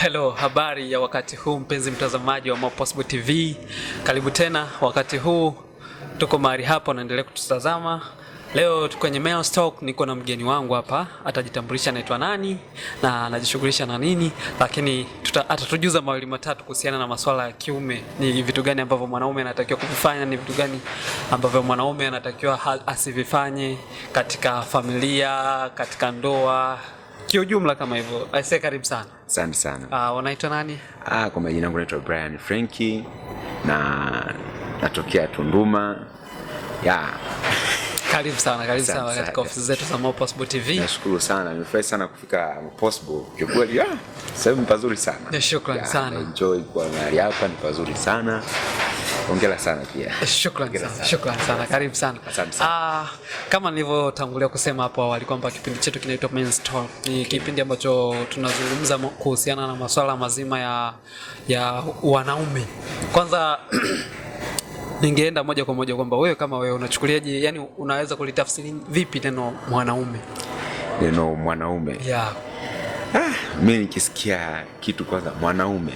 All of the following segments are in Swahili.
Hello, habari ya wakati huu mpenzi mtazamaji wa More TV, karibu tena. Wakati huu tuko mahali hapo, naendelea kututazama. Leo tuko kwenye Mel Stock, niko na mgeni wangu hapa, atajitambulisha anaitwa nani na anajishughulisha na nini, lakini atatujuza mawili matatu kuhusiana na masuala ya kiume. Ni vitu gani ambavyo mwanaume anatakiwa kuvifanya, ni vitu gani ambavyo mwanaume anatakiwa asivifanye katika familia, katika ndoa Kiujumla kama hivyo. Eh, Aise, karibu sana. Asante sana. Ah, unaitwa nani? Ah, kwa majina yangu naitwa Brian Frenki na natokea Tunduma. Yeah. Karibu sana, karibu sana katika ofisi zetu za More Possible TV. Nashukuru sana. Nimefurahi sana kufika More Possible. Kwa kweli, ah, sehemu pazuri sana. Shukrani sana. Enjoy kwa mahali hapa, ni pazuri sana. Hongera sana pia. Shukrani sana. Shukrani sana. Karibu sana. Asante sana. Ah, kama nilivyotangulia kusema hapo awali kwamba kipindi chetu kinaitwa Men's Talk. Ni kipindi ambacho tunazungumza kuhusiana na masuala mazima ya ya wanaume. Kwanza ningeenda moja kwa moja kwamba wewe kama wewe unachukuliaje, yani unaweza kulitafsiri vipi neno mwanaume? Neno mwanaume. Yeah. Ah, mimi nikisikia kitu kwanza mwanaume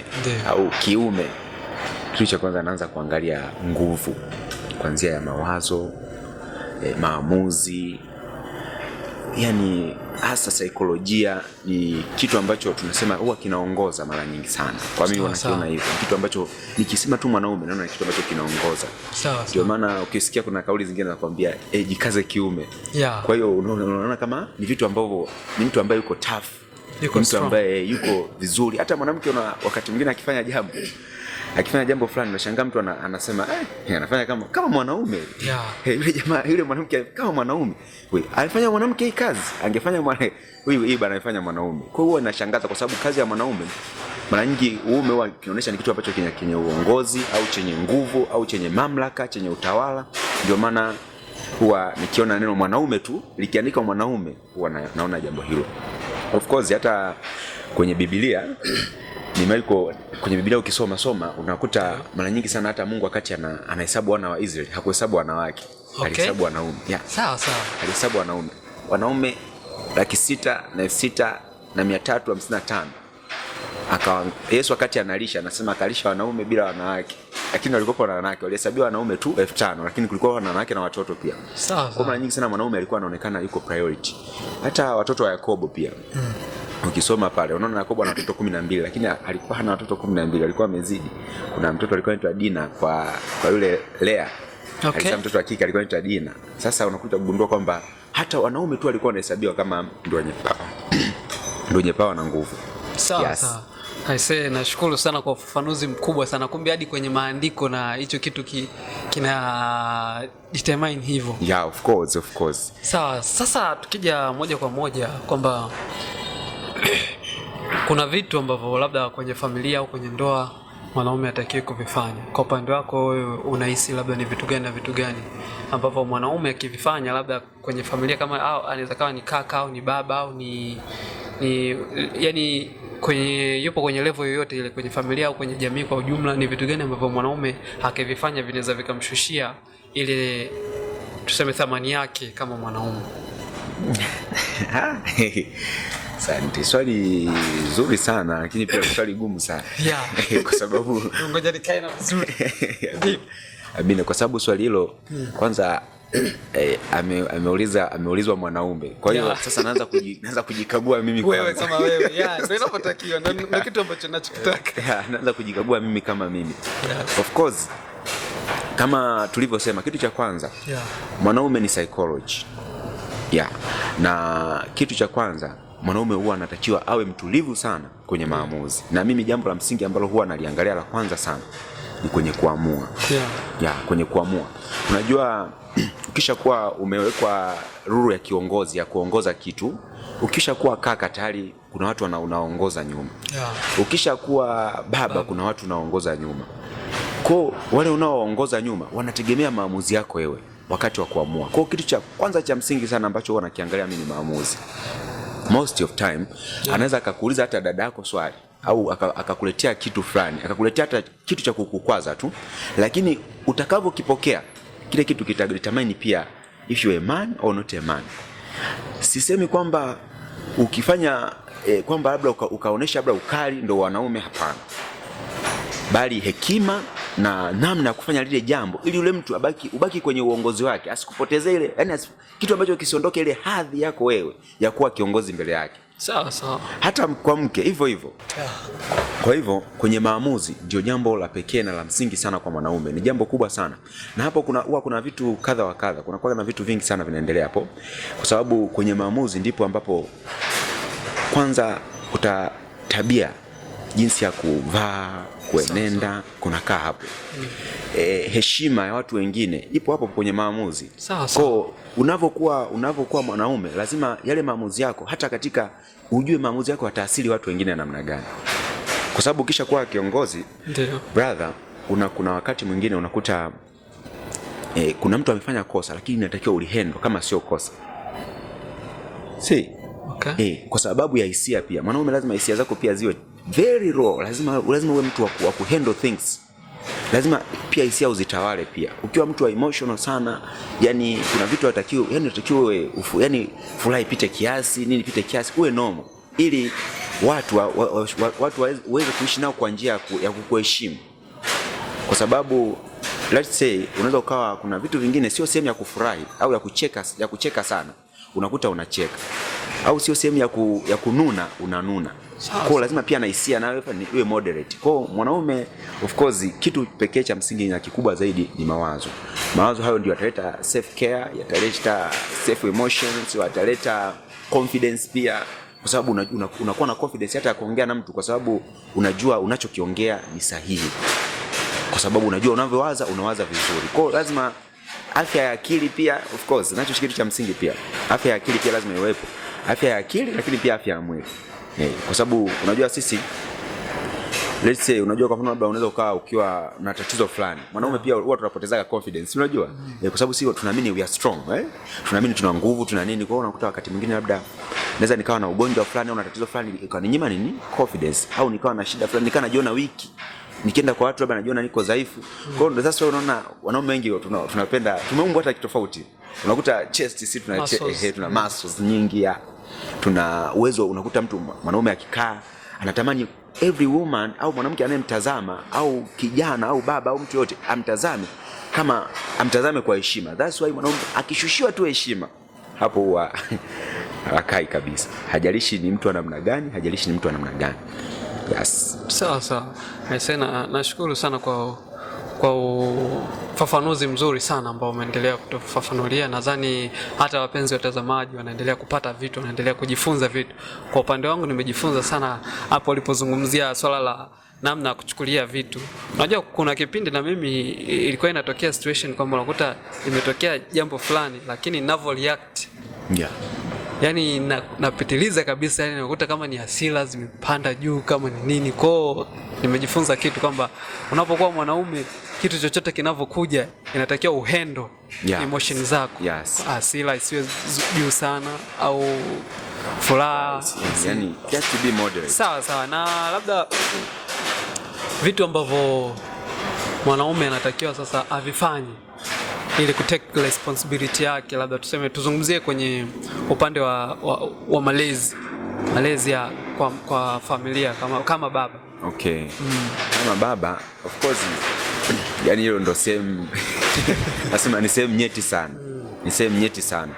au kiume kitu cha kwanza naanza kuangalia nguvu kuanzia ya mawazo e, maamuzi yani hasa saikolojia ni kitu ambacho tunasema huwa kinaongoza mara nyingi sana. Kwa mimi wanakiona hivyo, kitu ambacho nikisema tu mwanaume naona kitu ambacho kinaongoza. Ndio maana ukisikia kuna kauli zingine zinakwambia e, eh, jikaze kiume yeah. Kwa hiyo unaona kama ni vitu ambavyo ni mtu ambaye yuko tough, yuko mtu ambaye yuko vizuri. Hata mwanamke una wakati mwingine akifanya jambo akifanya jambo fulani nashangaa mtu anasema eh, eh, anafanya kama kama mwanaume yeah. Hey, yule jamaa yule mwanamke kama mwanaume wewe alifanya mwanamke hii kazi angefanya mwana huyu hii bana anafanya mwanaume. Kwa hiyo inashangaza kwa sababu kazi ya mwanaume mara nyingi uume huwa kinaonyesha ni kitu ambacho kina chenye uongozi au chenye nguvu au chenye mamlaka chenye utawala, ndio maana huwa nikiona neno mwanaume tu likiandikwa mwanaume huwa na, naona jambo hilo. Of course hata kwenye Biblia ni mali kwenye Biblia ukisoma soma unakuta mara nyingi sana hata Mungu wakati anahesabu wana wa Israeli hakuhesabu wanawake, okay. Alihesabu wanaume yeah. Sawa sawa, alihesabu wanaume wanaume laki sita na elfu sita na mia tatu hamsini na tano akawa Yesu wakati analisha anasema akalisha wanaume bila wanawake, lakini walikuwa na wanawake walihesabiwa wanaume tu elfu tano lakini kulikuwa na wanawake na watoto pia. Sawa. Kwa mara nyingi sana mwanaume alikuwa anaonekana yuko priority, hata watoto wa Yakobo pia mm ukisoma pale unaona Yakobo ana watoto 12 lakini alikuwa hana watoto 12 alikuwa amezidi. Kuna mtoto alikuwa anaitwa Dina kwa kwa yule Lea okay. Alikuwa mtoto wa kike alikuwa anaitwa Dina. Sasa unakuta kugundua kwamba hata wanaume tu walikuwa wanahesabiwa kama ndio wenye pawa ndio wenye pawa na nguvu. Sawa yes. Sawa. Aise, nashukuru sana kwa ufafanuzi mkubwa sana. Kumbe hadi kwenye maandiko na hicho kitu ki, kina determine hivyo. Yeah, of course, of course. Sawa, sasa tukija moja kwa moja kwamba kuna vitu ambavyo labda kwenye familia au kwenye ndoa mwanaume atakiwe kuvifanya. Kwa upande wako wewe unahisi labda ni vitu gani na vitu gani ambavyo mwanaume akivifanya labda kwenye familia, kama au anaweza kawa ni kaka au ni baba au ni, ni yani kwenye yupo kwenye level yoyote ile kwenye familia au kwenye jamii kwa ujumla, ni vitu gani ambavyo mwanaume akivifanya vinaweza vikamshushia ile tuseme thamani yake kama mwanaume? Asante. Swali zuri sana lakini pia swali gumu sana. Yeah. Kwa sababu ngoja nikae na vizuri. Abina, kwa sababu swali hilo hmm. kwanza eh, ame, ameuliza ameulizwa mwanaume. Kwa hiyo yeah. Sasa naanza kuji, naanza kujikagua mimi kama wewe kama wewe. Yeah, ndio inapotakiwa na kitu ambacho ninachokitaka. Yeah, naanza kujikagua mimi kama mimi. Yeah. Of course kama tulivyosema kitu cha kwanza yeah. Mwanaume ni psychology. Yeah. Na kitu cha kwanza mwanaume huwa anatakiwa awe mtulivu sana kwenye maamuzi, na mimi jambo la msingi ambalo huwa naliangalia la kwanza sana ni kwenye kuamua yeah. Yeah, kwenye kuamua. Unajua, kuwa umewekwa ruru ya kiongozi ya kuongoza kitu, kuwa kaka tayari kuna watu unaongoza nyuma yeah. kuwa baba, baba kuna watu unaongoza nyuma ko wale unaoongoza nyuma wanategemea maamuzi yako wewe wakati wa kuamua. Kwa kitu cha kwanza cha msingi sana ambacho huwa nakiangalia mimi ni maamuzi most of time yeah. Anaweza akakuuliza hata dada yako swali au akakuletea kitu fulani, akakuletea hata kitu cha kukukwaza tu, lakini utakavyokipokea kile kitu kitadetermine pia if you a man or not a man. Sisemi kwamba ukifanya eh, kwamba labda ukaonesha labda ukali ndo wanaume, hapana bali hekima na namna ya kufanya lile jambo, ili yule mtu abaki, ubaki kwenye uongozi wake, asikupoteze ile, yani kitu ambacho kisiondoke ile hadhi yako wewe ya kuwa kiongozi mbele yake. Sawa sawa, hata kwa mke hivyo hivyo. Kwa hivyo kwenye maamuzi ndio jambo la pekee na la msingi sana kwa mwanaume, ni jambo kubwa sana, na hapo kuna huwa kuna vitu kadha wa kadha, kuna kwa na vitu vingi sana vinaendelea hapo, kwa sababu kwenye maamuzi ndipo ambapo kwanza uta tabia jinsi ya kuvaa, kuenenda kunakaa hapo. E, heshima ya watu wengine ipo hapo kwenye maamuzi. Ko unavyokuwa unavyokuwa mwanaume, lazima yale maamuzi yako, hata katika ujue maamuzi yako yataathiri watu wengine namna gani, kwa sababu kisha kuwa kiongozi brother, una kuna wakati mwingine unakuta e, kuna mtu amefanya kosa, lakini inatakiwa ulihendo kama sio kosa si. Okay. E, kwa sababu ya hisia pia mwanaume lazima hisia zako pia ziwe very raw. Lazima, lazima uwe mtu wa handle things, lazima pia hisia uzitawale pia. Ukiwa mtu wa emotional sana, yani kuna vitu unatakiwa yani ufu, yani furaha ipite kiasi, nini ipite kiasi, uwe normal ili watu wa, wa, wa, watu waweze kuishi nao kwa njia ya kukuheshimu, kwa sababu let's say unaweza ukawa kuna vitu vingine sio sehemu ya kufurahi au ya kucheka, ya kucheka sana unakuta unacheka, au sio sehemu ya, ku, ya kununa unanuna. Kwa lazima pia na hisia ni iwe moderate. Kwa mwanaume of course kitu pekee cha msingi na kikubwa zaidi ni mawazo. Mawazo hayo ndio yataleta self care, yataleta self emotions, yataleta confidence pia kwa sababu unakuwa una, una na confidence hata ya kuongea na mtu kwa sababu unajua unachokiongea ni sahihi. Kwa sababu unajua unavyowaza unawaza vizuri. Kwa lazima afya ya akili pia of course nacho kitu cha msingi pia. Afya ya akili pia lazima iwepo. Afya ya akili lakini pia afya ya mwili yeah. Kwa sababu unajua sisi let's say unajua kwa mfano labda unaweza ukawa ukiwa na tatizo fulani mwanaume yeah. Pia huwa tunapotezaga confidence unajua mm. Eh, kwa sababu sisi tunaamini we are strong eh? Tunaamini tuna nguvu tuna nini, kwa hiyo unakuta wakati mwingine labda naweza nikawa na ugonjwa fulani au na tatizo fulani ikaninyima nini confidence, au nikawa na shida fulani nikawa najiona wiki nikienda kwa watu labda najiona niko dhaifu. Kwa hiyo ndio sasa unaona wanaume wengi tuna, tunapenda tumeumbwa hata kitofauti, unakuta chest sisi tuna muscles, eh, tuna muscles nyingi ya tuna uwezo. Unakuta mtu mwanaume akikaa anatamani every woman au mwanamke anayemtazama au kijana au baba au mtu yote amtazame kama amtazame kwa heshima. That's why mwanaume akishushiwa tu heshima hapo huwa akai kabisa, hajalishi ni mtu wa namna gani, hajalishi ni mtu wa namna gani. Yes, sawa sawa. Nashukuru sana kwa, kwa ufafanuzi mzuri sana ambao umeendelea kutufafanulia. Nadhani hata wapenzi watazamaji wanaendelea kupata vitu, wanaendelea kujifunza vitu. Kwa upande wangu nimejifunza sana hapo ulipozungumzia swala la namna ya kuchukulia vitu. Unajua, kuna kipindi na mimi ilikuwa inatokea situation kwamba unakuta imetokea jambo fulani, lakini ninavyo react yeah. Yani napitiliza kabisa, yani nakuta kama ni hasira zimepanda juu, kama ni nini kwao nimejifunza kitu kwamba unapokuwa mwanaume kitu chochote kinavyokuja inatakiwa uhendo yeah. emotion zako yes. asila ah, isiwe juu sana au furaha yani, sawa sawa, na labda vitu ambavyo mwanaume anatakiwa sasa avifanyi ili take responsibility yake, labda tuseme, tuzungumzie kwenye upande wa, wa, wa malezi malezi ya kwa, kwa familia kama, kama baba Okay. Mm. Kama baba, of course, yani hilo ndo sehemu nasema ni sehemu nyeti sana. Ni sehemu nyeti sana.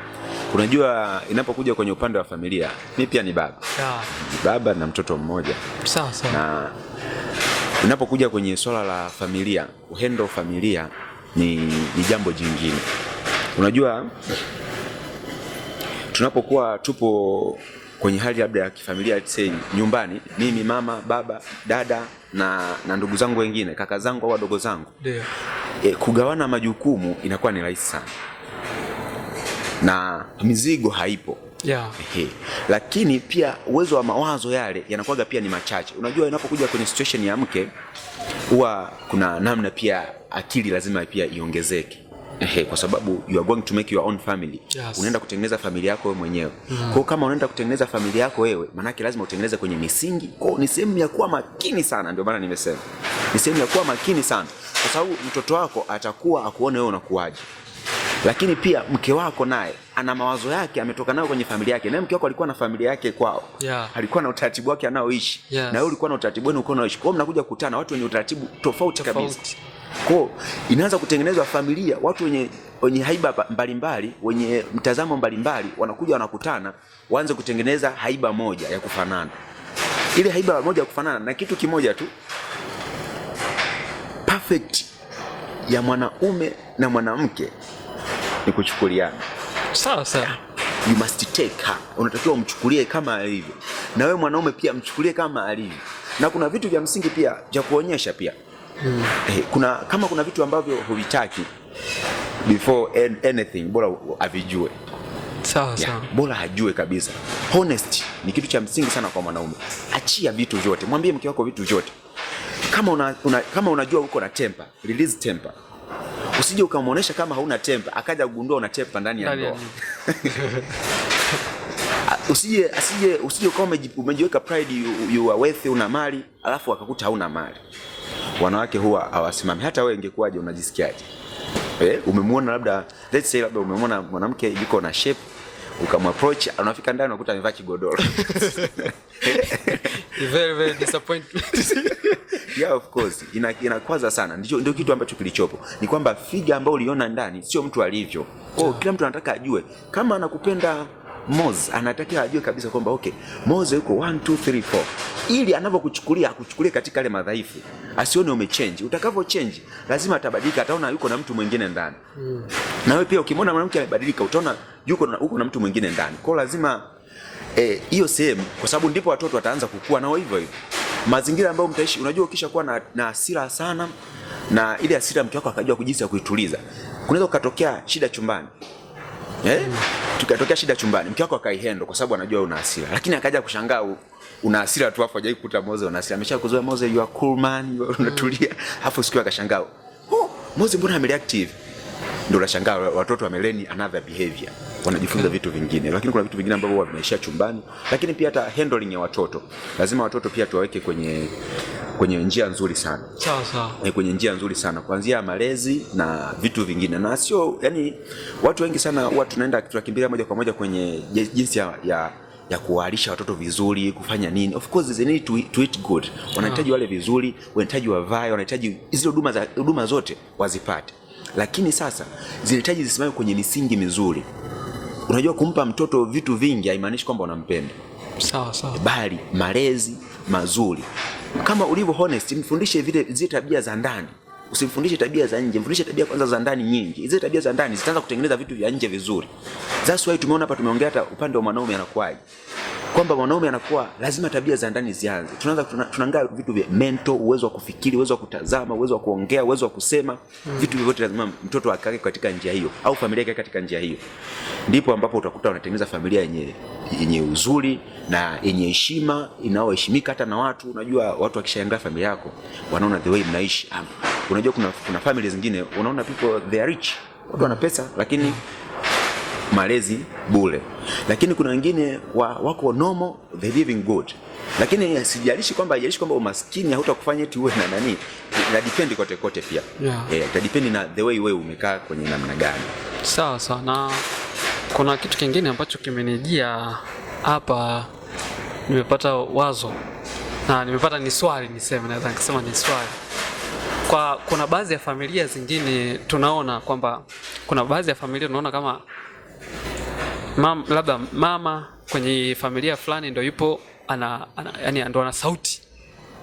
Unajua inapokuja kwenye upande wa familia, mimi pia ni baba. Yeah. Ni baba na mtoto mmoja. Sawa sawa. Na inapokuja kwenye swala la familia, uhendo familia ni, ni jambo jingine. Unajua tunapokuwa tupo kwenye hali labda ya kifamilia say nyumbani, mimi mama, baba, dada na, na ndugu zangu wengine, kaka zangu au wadogo zangu e, kugawana majukumu inakuwa ni rahisi sana na mizigo haipo. Yeah. lakini pia uwezo wa mawazo yale yanakuwaga pia ni machache. Unajua, inapokuja kwenye situation ya mke huwa kuna namna pia akili lazima pia iongezeke Ehe, kwa sababu you are going to make your own family. Yes. Unaenda kutengeneza familia yako wewe mwenyewe. Mm. Kwa kama unaenda kutengeneza familia yako wewe, maanake lazima utengeneze kwenye misingi. Kwa ni sehemu ya kuwa makini sana, ndio maana nimesema. Ni sehemu ya kuwa makini sana kwa sababu mtoto wako atakuwa akuone wewe unakuaje. Lakini pia mke wako naye ana mawazo yake, ametoka nayo kwenye familia yake, na mke wako alikuwa na familia yake kwao. Yeah. Alikuwa na utaratibu wake anaoishi. Yes. Na wewe ulikuwa na utaratibu wenu uko unaoishi. Kwa hiyo mnakuja kukutana watu wenye utaratibu tofauti kabisa. Kwa inaanza kutengenezwa familia, watu wenye wenye haiba mbalimbali, wenye mtazamo mbalimbali wanakuja wanakutana, waanze kutengeneza haiba moja ya kufanana. Ile haiba moja ya kufanana na kitu kimoja tu perfect ya mwanaume na mwanamke ni kuchukuliana. Sawa sawa. You must take her. Unatakiwa umchukulie kama alivyo, na wewe mwanaume pia mchukulie kama alivyo, na kuna vitu vya msingi pia vya kuonyesha pia mm. Eh, kuna kama kuna vitu ambavyo huvitaki before anything, bora avijue sawa sawa, bora ajue kabisa. Honesty ni kitu cha msingi sana kwa mwanaume. Achia vitu vyote, mwambie mke wako vitu vyote. Kama una, una, kama unajua uko na temper, release temper. Usije ukamwonesha kama hauna temper, akaja kugundua una temper ndani ya ndoa. Usije asije usije kama umejiweka pride, you, you are wealthy, una mali, alafu akakuta hauna mali wanawake huwa hawasimami. Hata wewe ingekuwaje, unajisikiaje? Eh, umemwona labda, let's say labda umemwona mwanamke yuko na shape ukamapproach, unafika ndani unakuta amevaa kigodoro very very disappointed yeah of course, ina inakwaza sana. Ndio ndio kitu ambacho kilichopo ni kwamba figa ambayo uliona ndani sio mtu alivyo. Kwa kila mtu anataka ajue kama anakupenda Moz anatakiwa ajue kabisa kwamba okay, Moz yuko 1 2 3 4, ili anavyokuchukulia akuchukulie katika ile madhaifu, asione umechange. Utakavyo change lazima atabadilika, ataona yuko na mtu mwingine ndani mm. Na wewe pia ukimwona mwanamke amebadilika, utaona yuko na, uko na mtu mwingine ndani. Kwa lazima eh, hiyo eh, sehemu, kwa sababu ndipo watoto wataanza kukua nao hivyo hivyo mazingira ambayo mtaishi. Unajua, ukisha kuwa na, na hasira sana na ile hasira mtu wako akajua kujisi ya kuituliza, kunaweza kukatokea shida chumbani eh? Tukatokea shida chumbani, mke wako akaihendo kwa sababu anajua una hasira, lakini akaja kushangaa una hasira tu, afu hajai kukuta Moze una hasira, amesha kuzoea Moze, you are cool man, you are unatulia, afu siku akashangaa oh, Moze mbona amereact hivi? Ndio unashangaa watoto wameleni another behavior, wanajifunza vitu vingine, lakini kuna vitu vingine ambavyo vinaishia chumbani. Lakini pia hata handling ya watoto, lazima watoto pia tuwaweke kwenye kwenye njia nzuri sana. Sawa sawa. kwenye njia nzuri sana kuanzia malezi na vitu vingine, na sio yani, watu wengi sana huwa tunaenda tunakimbilia moja kwa moja kwenye jinsi ya, ya ya kuwalisha watoto vizuri, kufanya nini. Of course they need to, to eat good, wanahitaji wale vizuri, wanahitaji wavae, wanahitaji hizo huduma za huduma zote wazipate, lakini sasa zinahitaji zisimame kwenye misingi mizuri. Unajua, kumpa mtoto vitu vingi haimaanishi kwamba unampenda, sawa sawa, bali malezi mazuri kama ulivyo honest, mfundishe vile zile tabia za ndani, usimfundishe tabia za nje. Mfundishe tabia kwanza za ndani nyingi. Zile tabia za ndani zitaanza kutengeneza vitu vya nje vizuri. That's why tumeona hapa, tumeongea hata upande wa mwanaume anakuwaje kwamba mwanaume anakuwa lazima tabia za ndani zianze. Tunaanza tunaangaa vitu vya mental, uwezo wa kufikiri, uwezo wa kutazama, uwezo wa kuongea, uwezo wa kusema mm. Vitu vyote lazima mtoto akake katika njia hiyo, au familia yake katika njia hiyo, ndipo ambapo utakuta unatengeneza familia yenye yenye uzuri na yenye heshima inayoheshimika hata na watu. Unajua, watu wakishangaa familia yako wanaona the way mnaishi. Ah, unajua kuna, kuna familia zingine unaona people they are rich, watu wana pesa lakini mm malezi bure, lakini kuna wengine wa, wako normal the living good, lakini sijalishi kwamba haijalishi kwamba umaskini hautakufanya eti uwe na nani, na depend kote kote pia yeah. Yeah, itadepend na the way wewe umekaa kwenye namna gani. Sawa sawa, na kuna kitu kingine ambacho kimenijia hapa, nimepata wazo na nimepata ni swali, niseme, naweza nikasema ni swali kwa kuna baadhi ya familia zingine tunaona kwamba kuna baadhi ya familia tunaona kama mam, labda mama kwenye familia fulani ndo yupo ana, ana, yani ndo ana sauti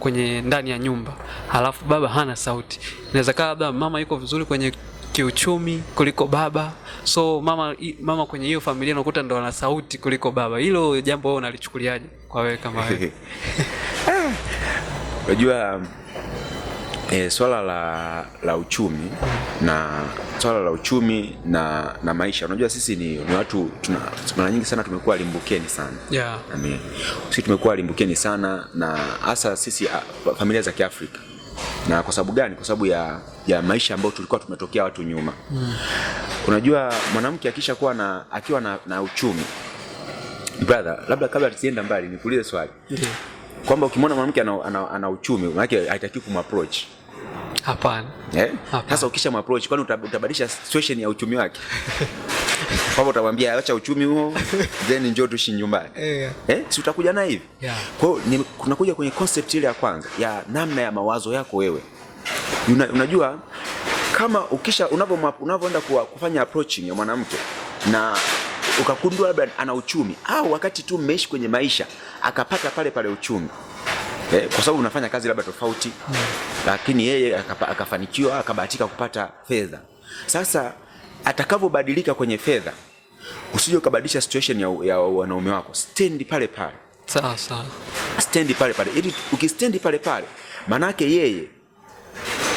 kwenye ndani ya nyumba, halafu baba hana sauti. Inawezekana labda mama yuko vizuri kwenye kiuchumi kuliko baba, so mama mama kwenye hiyo familia unakuta ndo ana sauti kuliko baba. Hilo jambo wewe unalichukuliaje kwa wewe kama wewe? Unajua E, swala la, la uchumi na swala la uchumi na, na maisha. Unajua sisi ni, ni watu mara nyingi sana tumekuwa limbukeni sana yeah. Amen. Sisi tumekuwa limbukeni sana na hasa sisi ah, familia za Kiafrika, na kwa sababu gani? Kwa sababu ya, ya maisha ambayo tulikuwa tumetokea watu nyuma mm. Unajua mwanamke akisha kuwa na akiwa na, na uchumi brother, labda kabla tusienda mbali nikuulize swali yeah. Kwamba ukimwona mwanamke ana, ana, ana uchumi maana yake haitakiwi kumapproach Hapana. Eh? Sasa ukisha approach kwani utabadilisha situation ya uchumi wake? Kwamba utamwambia acha uchumi huo then njoo tuishi nyumbani. Eh, yeah. Eh? Si utakuja na hivi? Yeah. Kwa hiyo tunakuja kwenye concept ile ya kwanza ya namna ya mawazo yako wewe. Una, unajua kama ukisha unavyoenda kufanya approaching ya mwanamke na ukakundua labda ana uchumi au wakati tu mmeishi kwenye maisha akapata pale pale uchumi eh, kwa sababu unafanya kazi labda tofauti mm. Lakini yeye akafanikiwa akabahatika kupata fedha. Sasa atakavyobadilika kwenye fedha, usije ukabadilisha situation ya, ya wanaume wako. stand pale pale, sawa sawa, stand pale pale, ili ukistand pale pale, manake yeye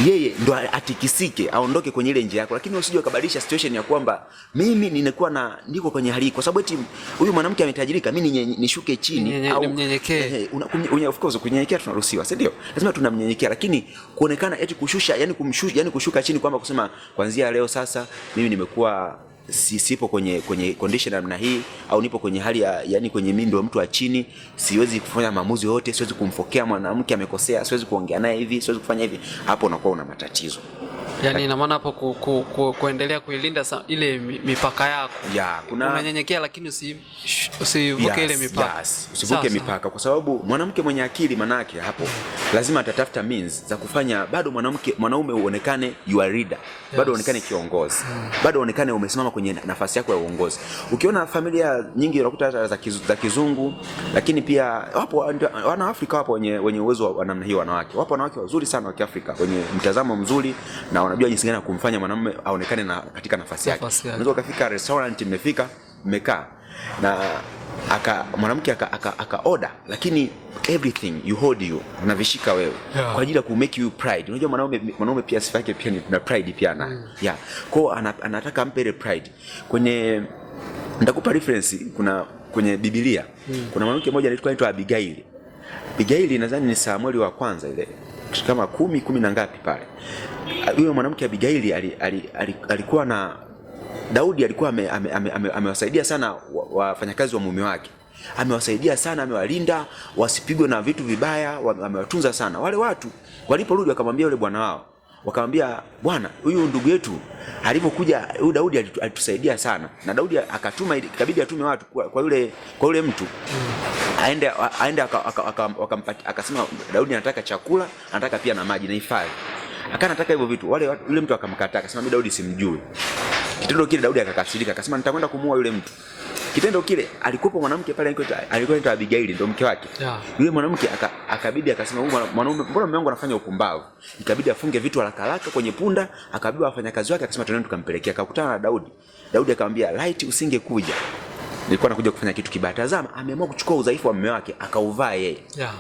yeye ndo atikisike aondoke kwenye ile njia yako, lakini usije ukabadilisha situation ya kwamba mimi ninakuwa na niko kwenye hali, kwa sababu eti huyu mwanamke ametajirika, mimi nishuke chini au mnyenyekee. una, of course kunyenyekea tunaruhusiwa, si ndio? Lazima tunamnyenyekea, lakini kuonekana eti kushusha, yani kumshusha, yani kushuka chini, kwamba kusema kuanzia leo sasa mimi nimekuwa si, sipo kwenye kwenye condition namna hii au nipo kwenye hali ya, yani kwenye mimi ndio mtu wa chini, siwezi kufanya maamuzi yote, siwezi kumfokea mwanamke amekosea, siwezi kuongea naye hivi, siwezi kufanya hivi, hapo unakuwa una matatizo. Yani ina maana hapo ku, ku, ku, kuendelea kuilinda ile mipaka yako. Ya, kuna unanyenyekea lakini usivuke yes, ile mipaka. Yes, usivuke mipaka kwa sababu mwanamke mwenye akili manake hapo lazima atatafuta means za kufanya bado mwanamke mwanaume uonekane you are leader. Yes. Bado uonekane kiongozi. Hmm. Bado uonekane umesimama kwenye nafasi yako ya uongozi. Ukiona familia nyingi unakuta hata za, kizu, za kizungu lakini pia wapo wana Afrika wapo wenye wenye uwezo wa namna hiyo wanawake. Wapo wanawake wazuri sana wa Kiafrika wenye mtazamo mzuri na wanajua jinsi gani ya kumfanya mwanamume aonekane na katika nafasi yake. Unaweza ukafika restaurant, mmefika mmekaa na aka mwanamke aka, aka, aka order lakini everything you hold you unavishika wewe yeah. Kwa ajili ya ku make you pride. Unajua mwanaume mwanaume pia sifa yake pia ni na pride pia na mm. yeah. Kwa ana, anataka ampe ile pride kwenye nitakupa reference kuna kwenye Biblia mm. kuna mwanamke mmoja anaitwa Abigail. Abigail nadhani ni Samueli wa kwanza ile kama kumi kumi na ngapi pale huyo mwanamke Abigaili alikuwa na Daudi alikuwa amewasaidia sana wafanyakazi wa mume wake, amewasaidia sana, amewalinda wasipigwe na vitu vibaya, amewatunza sana. Wale watu waliporudi wakamwambia yule bwana wao, wakamwambia bwana, huyu ndugu yetu alipokuja, huyu Daudi alitusaidia sana, na Daudi akatuma, ikabidi atume watu kwa yule kwa yule mtu aende aende, akasema Daudi anataka chakula, anataka pia na maji na hifadhi Akawa anataka hivyo vitu. Wale yule mtu akamkataa, akasema mimi Daudi simjui. Kitendo kile Daudi akakasirika, akasema nitakwenda kumuua yule mtu. Kitendo kile alikuwa mwanamke pale alikuwa alikuwa anaitwa Abigail ndio mke wake. Yeah. Yule mwanamke akabidi akasema huyu mwanaume mbona mume wangu anafanya upumbavu? Ikabidi afunge vitu haraka haraka kwenye punda, akabidi wafanyakazi wake akasema tunaenda tukampelekea. Akakutana na Daudi. Daudi akamwambia, "Light usingekuja." Nilikuwa nakuja kufanya kitu kibaya. Tazama, ameamua kuchukua udhaifu wa mume wake akauvaa yeye. Yeah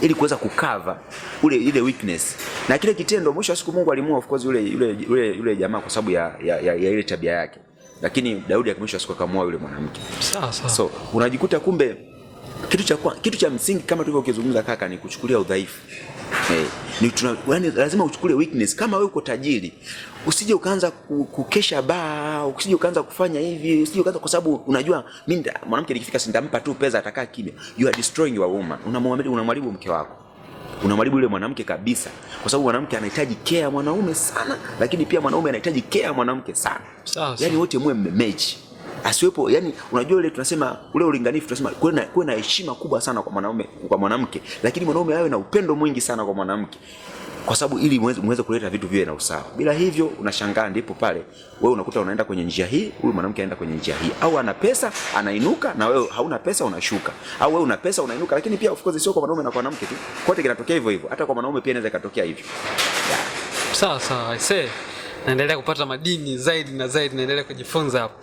ili kuweza kukava ule ile weakness. Na kile kitendo mwisho wa siku Mungu alimua of course yule yule yule, yule jamaa kwa sababu ya, ya, ya, ya ile tabia yake, lakini Daudi akamwisho siku akamua yule mwanamke. Sawa sawa. So unajikuta kumbe kitu cha kwa, kitu cha msingi kama tulivyo tulivyokizungumza kaka, ni kuchukulia udhaifu hey. Eh, ni tuna, yani, lazima uchukulie weakness. Kama wewe uko tajiri, usije ukaanza kukesha ba, usije ukaanza kufanya hivi, usije ukaanza kwa sababu unajua mimi mwanamke nikifika sitampa tu pesa atakaa kimya. You are destroying your woman. Unamwaribu, unamwaribu mke wako unamwaribu yule mwanamke kabisa, kwa sababu mwanamke anahitaji care mwanaume sana, lakini pia mwanaume anahitaji care mwanamke sana. Sawa, Yaani wote muwe mmemechi asiwepo yani, unajua ile tunasema ule ulinganifu, tunasema kuwe na kuwe na heshima kubwa sana kwa mwanaume kwa mwanamke, lakini mwanaume awe na upendo mwingi sana kwa mwanamke, kwa sababu ili muweze kuleta vitu viwe na usawa. Bila hivyo, unashangaa ndipo pale wewe unakuta unaenda kwenye njia hii, huyu mwanamke anaenda kwenye njia hii, au ana pesa anainuka na wewe hauna pesa unashuka, au wewe una pesa unainuka. Lakini pia of course sio kwa mwanaume na kwa mwanamke tu, kote kinatokea hivyo hivyo, hata kwa mwanaume pia inaweza ikatokea hivyo. Sawa sawa, I say naendelea kupata madini zaidi na zaidi, naendelea kujifunza hapo.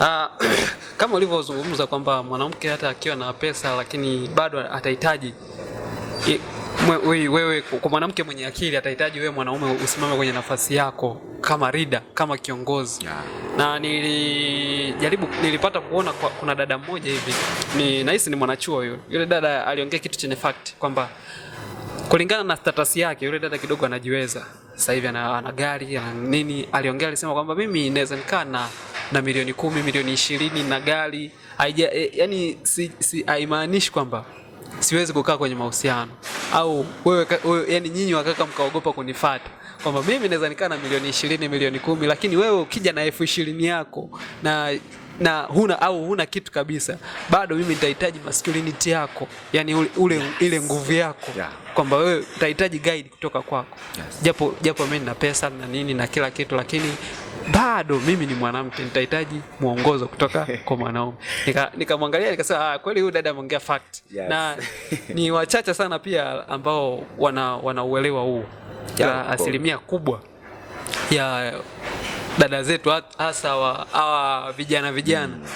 Ah, kama ulivyozungumza kwamba mwanamke hata akiwa na pesa lakini bado atahitaji wewe, kwa mwanamke mwenye akili atahitaji wewe mwanaume usimame kwenye nafasi yako kama rida, kama kiongozi yeah. Na nilijaribu nilipata kuona kwa, kuna dada mmoja hivi ni nahisi ni mwanachuo huyo, yule dada aliongea kitu chenye fact kwamba kulingana na status yake yule dada kidogo anajiweza sasa hivi ana, ana gari ana nini. Aliongea alisema kwamba mimi naweza nikaa na na milioni kumi milioni ishirini na gari haija, e, yani si, si haimaanishi kwamba siwezi kukaa kwenye mahusiano au wewe, wewe yani nyinyi wakaka mkaogopa kunifata kwamba mimi naweza nikaa na milioni ishirini, milioni kumi, lakini wewe ukija na elfu ishirini yako na na huna au huna kitu kabisa, bado mimi nitahitaji masculinity yako, yani ule ule yes. ile nguvu yako yeah. kwamba wewe utahitaji guide kutoka kwako yes. japo japo mimi nina pesa na nini na kila kitu, lakini bado mimi ni mwanamke, nitahitaji mwongozo kutoka kwa mwanaume. Nikamwangalia nika nikasema, ah, kweli huyu dada ameongea fact yes. na ni wachache sana pia ambao wana wanauelewa wana huo ya asilimia kubwa ya dada zetu hasa hawa vijana vijana mm.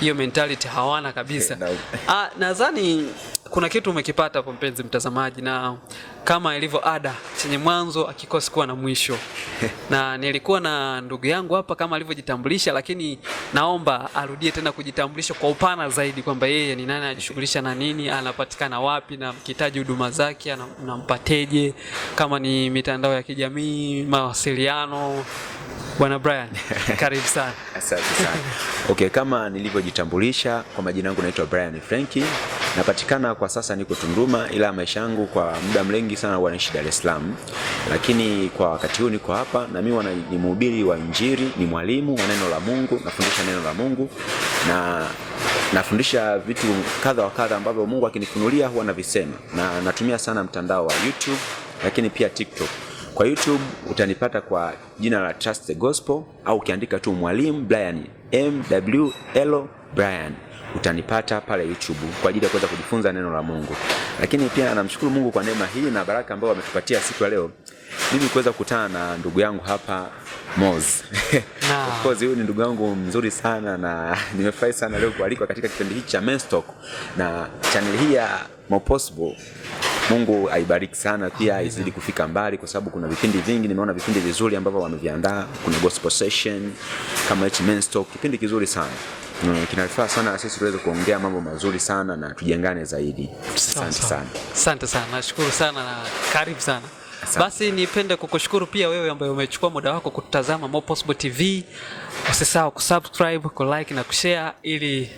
Hiyo mentality hawana kabisa. Okay, no. Ah, nadhani kuna kitu umekipata hapo mpenzi mtazamaji, na kama ilivyo ada chenye mwanzo akikosi kuwa na mwisho. Na nilikuwa na ndugu yangu hapa kama alivyojitambulisha, lakini naomba arudie tena kujitambulisha kwa upana zaidi, kwamba yeye ni nani, anajishughulisha na nini, anapatikana wapi, na mkihitaji huduma zake nampateje, kama ni mitandao ya kijamii, mawasiliano. Bwana Brian, karibu sana. Asante sana. Okay, kama nilivyojitambulisha, kwa majina yangu naitwa Brian Frankie Napatikana kwa sasa niko Tunduma, ila maisha yangu kwa muda mlengi sana huwa naishi Dar es Salaam, lakini kwa wakati huu niko hapa na mimi ni mhubiri wa Injili, ni mwalimu wa neno la Mungu, nafundisha neno la Mungu na nafundisha vitu kadha wa kadha ambavyo Mungu akinifunulia huwa navisema, na natumia sana mtandao wa YouTube lakini pia TikTok. Kwa YouTube utanipata kwa jina la Trust the Gospel au ukiandika tu mwalimu Brian M W MWL Brian utanipata pale YouTube kwa ajili ya kuweza kujifunza neno la Mungu. Lakini pia namshukuru Mungu kwa neema hii na baraka ambayo ametupatia siku ya leo, mimi kuweza kukutana na ndugu yangu hapa Moz. nah. Of course huyu ni ndugu yangu mzuri sana na nimefurahi sana leo kualikwa katika kipindi hiki cha Men's Talk na channel hii ya Mopossible. Mungu aibariki sana pia izidi kufika mbali, kwa sababu kuna vipindi vingi, nimeona vipindi vizuri ambavyo wameviandaa. Kuna gospel session kama hichi Men's Talk, kipindi kizuri sana mm, kinafaa sana sisi tuweze kuongea mambo mazuri sana na tujengane zaidi. Asante sana, asante sana, nashukuru sana na karibu sana. Asante. Basi nipende kukushukuru pia wewe ambaye umechukua muda wako kututazama More Possible TV. Usisahau kusubscribe, kulike na kushare ili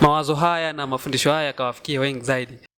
mawazo haya na mafundisho haya yakawafikie wengi zaidi.